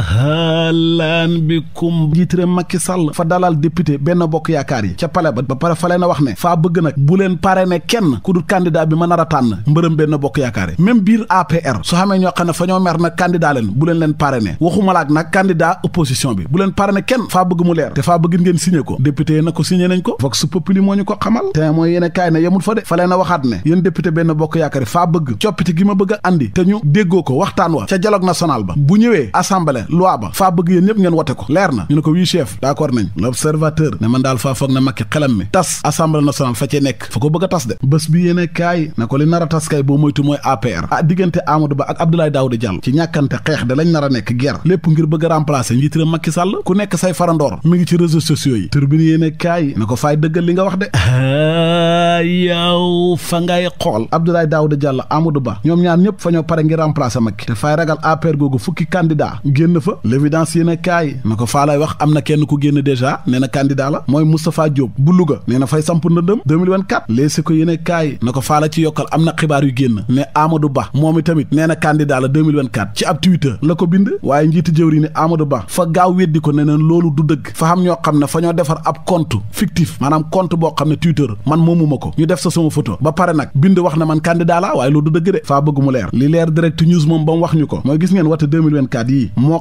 halaan bikum njiit réew Macky Sall fa dalal député benn bokk yaakaar yi ca pale ba ba pare fa leen a wax ne faa bëgg nag bu leen pare ne kenn ku dul candidat bi ma nar a tànn mbërëm benn bokk yaakaar yi même biir APR su xamee ñoo xam ne fa ñoo mer nag candidat leen bu leen leen pare ne waxuma laak nag candidat bi bu leen pare ne kenn faa bëgg mu leer te faa bëgg ngeen signé ko député yi na ko signé nañ ko vox populi moo ñu ko xamal te mooy yéen kaay ne yemul fa de waxaat ne yéen député benn bokk yaakaar yi faa bëgg gi ma bëgg a te ñu déggoo ko waxtaan wa ca dialogue national ba bu ñëwee assemblée loi ba faa bëgg yen ñëpp ngeen wote ko leer na ñu ne ko wii chef d'accord nañ l'observateur ne man daal faa foog na Macky xelam mi tas assemblée nationale fa cee nekk fa ko bëgg a tas de bés bi yéene kaay na ko li nar a tas kay boo moytu mooy APR ah diggante Amadou Ba ak Abdoulaye Daouda Diallo ci ñàkkante xeex da lañ nar a nekk ger lépp ngir bëgg a remplacer njiitëram Macky Sall ku nekk say farandoor mi ngi ci réseaux sociaux yi turbine yéene kaay na ko faay dëggal li nga wax de ah, fa ngay xool Abdoulaye Daouda Diallo Amadou Ba ñoom ñaar ñëpp fa ñoo pare ngir remplacer Macky te ragal APR googu fukki candidat génn nga fa l'évidence yéen a kaay na ko faalaay wax am na kenn ku génn dèjà nee na candidat la mooy Moustapha Diop bu Louga nee na fay samp ndëndëm 2024 léegi ko yéen a kaay na ko faala ci yokkal am na xibaar yu génn ne Amadou Ba moom itamit nee na candidat ci ab Twitter la ko bind waaye njiiti jëwri ne Ba fa gaaw weddi ko ne loolu du dëgg fa xam ñoo xam ne fa ñoo defar ab compte fictif maanaam compte boo xam ne Twitter man moomuma ko ñu def sa sama photo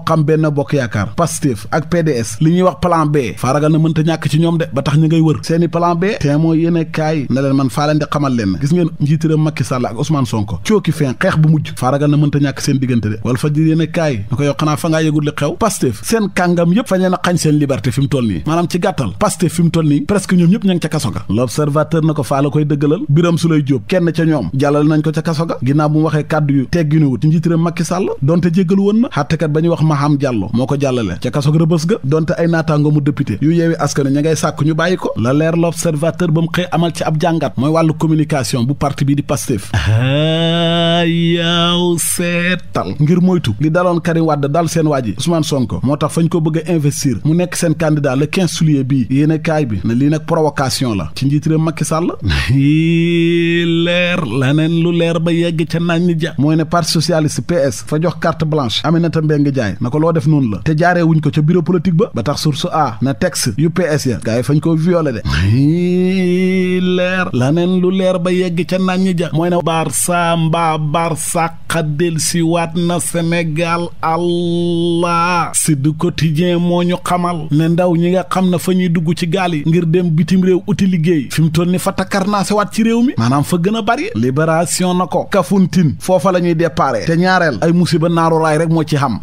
xam benn bokk yaakaar pastef ak pds li ñuy wax plan b faaragal na mënta ñàkk ci ñoom de ba tax ñu wër seeni plan b te moo kaay na leen man faa leen di xamal leen gis ngeen njiitëram Macky Sall ak Ousmane Sonko cooki fin xeex bu mujj faaragal na mënta ñàkk seen diggante de wala fa ji yéene kaay na ko yow xanaa fa ngaa yëgul li xew pastef seen kàngam yëpp fañ leen a xañ seen liberté fi toll nii maanaam ci gàttal pastef fi am Diallo moo ko jàllale ca kasoog rëbës ga donte ay naataango mu député yu yeewi askan ña ngay sàkk ñu bàyyi ko la leer l'observateur ba mu xëy amal ci ab jàngat mooy wàllu communication bu parti bi di Pastef yaaw seetal ngir moytu li daloon Karim Wade dal seen waa ji Ousmane Sonko moo tax fañ ko bëgg a investir mu nekk seen candidat le 15 juillet bi yéen kaay bi ne lii nag provocation la ci njiit réew Macky Sall la laneen lu leer ba yegg ca nañ ni ja mooy ne parti socialiste PS fa jox carte blanche Aminata Mbengue Ndiaye na ko loo def noonu la te jaaree wuñ ko ca bureau politique ba ba tax source a na texte UPS ya gars fañ koo viole de leer la nen lu leer ba yegg ca ñi ja mooy na Barça mbaa Barça xaddel si waat na Sénégal allah si du quotidien moo ñu xamal ne ndaw ñi nga xam na fa ñuy dugg ci gaal yi ngir dem bitim réew uti liggéey fi mu toll ni fa takkarnaase waat ci réew mi maanaam fa gën a bari libération na ko Kafountine foofa la ñuy déparé te ñaareel ay musiba naaru raay rek moo xam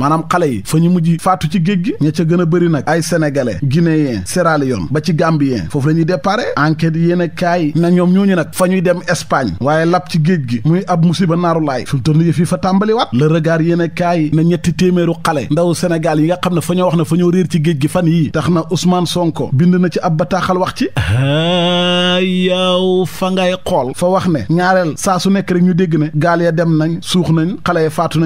sénégalais yi fa ñu mujj faatu ci géej gi ña a gën a bëri nag ay sénégalais guinéen Sierra Leone ba ci gambien foofu la ñuy dépare enquête yéen kaay na ñoom ñooñu nag fa ñuy dem Espagne waaye lab ci géej gi muy ab musiba naaru laay fu mu toll yëf yi fa tàmbaliwaat le regard yéen a kaay na ñetti téeméeru xale ndawu sénégal yi nga xam ne fa ñoo wax ne fa ñoo réer ci géej gi fan yii tax na Ousmane Sonko bind na ci ab bataaxal wax ci ah, yow fa ngay xool fa wax ne ñaareel saa su nekk ñu dégg gaal ya dem nañ suux nañ xale ya faatu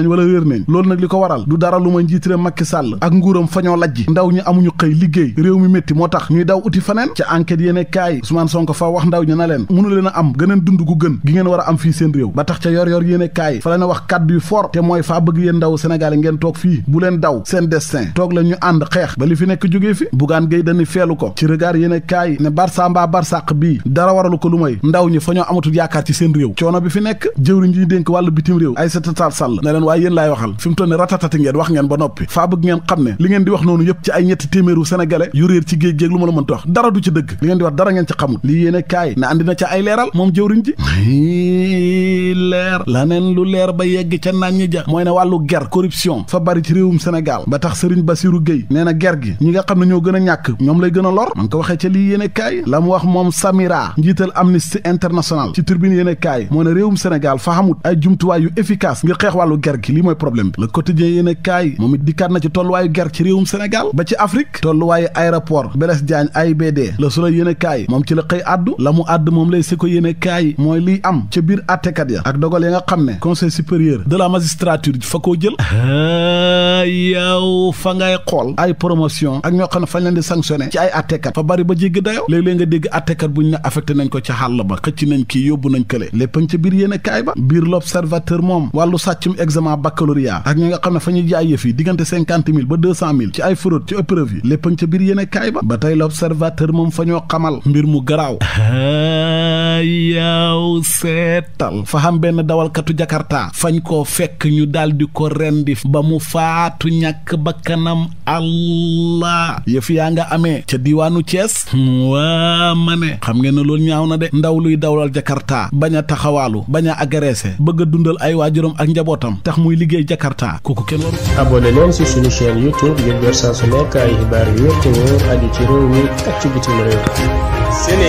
njiit réew Macky Sall ak nguuram fañoo lajji ndaw ñu amuñu xëy liggéey réew mi métti moo tax ñuy daw uti faneen ca enquête yéene kaay Ousmane Sonko fa wax ndaw ñu na leen mënu a am gëneen dund gu gën gi ngeen war a am fii seen réew ba tax ca yor yor yéene kaay fa la wax kàddu yu te mooy faa bëgg yéen ndaw Sénégal ngeen toog fii bu leen daw seen destin toog leen ñu ànd xeex ba li fi nekk jógee fi bugaan gay dañu feelu ko ci regard yéene kaay ne noppi faa bëgg ngeen xam ne li ngeen di wax noonu yëpp ci ay ñetti téeméeru sénégalais yu réer ci géej géej lu ma la mënta wax dara du ci dëgg li ngeen di wax dara ngeen ci xamul lii yéene na andi na ca ay leeral moom jëwriñ ji leer la neen lu leer ba yegg ca naan ñi ja mooy ne wàllu ger corruption fa bari ci réewum Sénégal ba tax Serigne Bassirou Gueye nee na ger gi ñi nga xam ne ñoo gën a ñàkk ñoom lay gën a lor man ko waxee ca lii yéene kaay la mu wax moom Samira njiital Amnesty International ci turbine yéene kaay moo ne réewum Sénégal fa xamut ay jumtuwaay yu efficace xeex wàllu ger gi lii mooy problème bi le quotidien yéene moom it dikkaat na ci tolluwaayu ger ci réewum Sénégal ba ci Afrique tolluwaayu aéroport Blaise Diagne AIBD Le Soleil yéene kaay moom ci la xëy addu la mu àdd moom lay si ko yéene kaay mooy liy am ca biir àttekat ya ak dogal ya nga xam ne conseil supérieur de la magistrature fa koo jël ah, yow fa ngay xool ay promotion ak ñoo xam ne fañ leen di sanctionné ci ay àttekat fa bari ba jéggi dayo léeg-léeg nga dégg àttekat bu ñu ne affecté nañ ko ci xàll ba xëcc nañ kii yóbbu nañ kële léppañ ca biir yéene kaay ba biir l'observateur moom wàllu ak ñi nga xam ne fa ñuy jaay diggante cinquante mille ba deux cent mille ay fraude ci lépp ca biir ba ba tey l'observateur moom fa ñoo mbir mu garaaw yaw benn dawalkatu jakarta fañ koo fekk ñu daal di ko rendi ba mu faatu ñàkk bakkanam allah yëf yaa nga amee ca diiwaanu Thiès waa ma ne xam ngeen ne loolu ñaaw na de ndaw luy dawlal jakarta bañ a taxawaalu bañ a bëgg dundal ay waajuram ak njabootam tax muy liggéey jakarta kooku kenn waru lool si ci suñu chaîne YouTube ngir jot saa su nekk ay yu wér te wóor ci réew mi ak ci bitim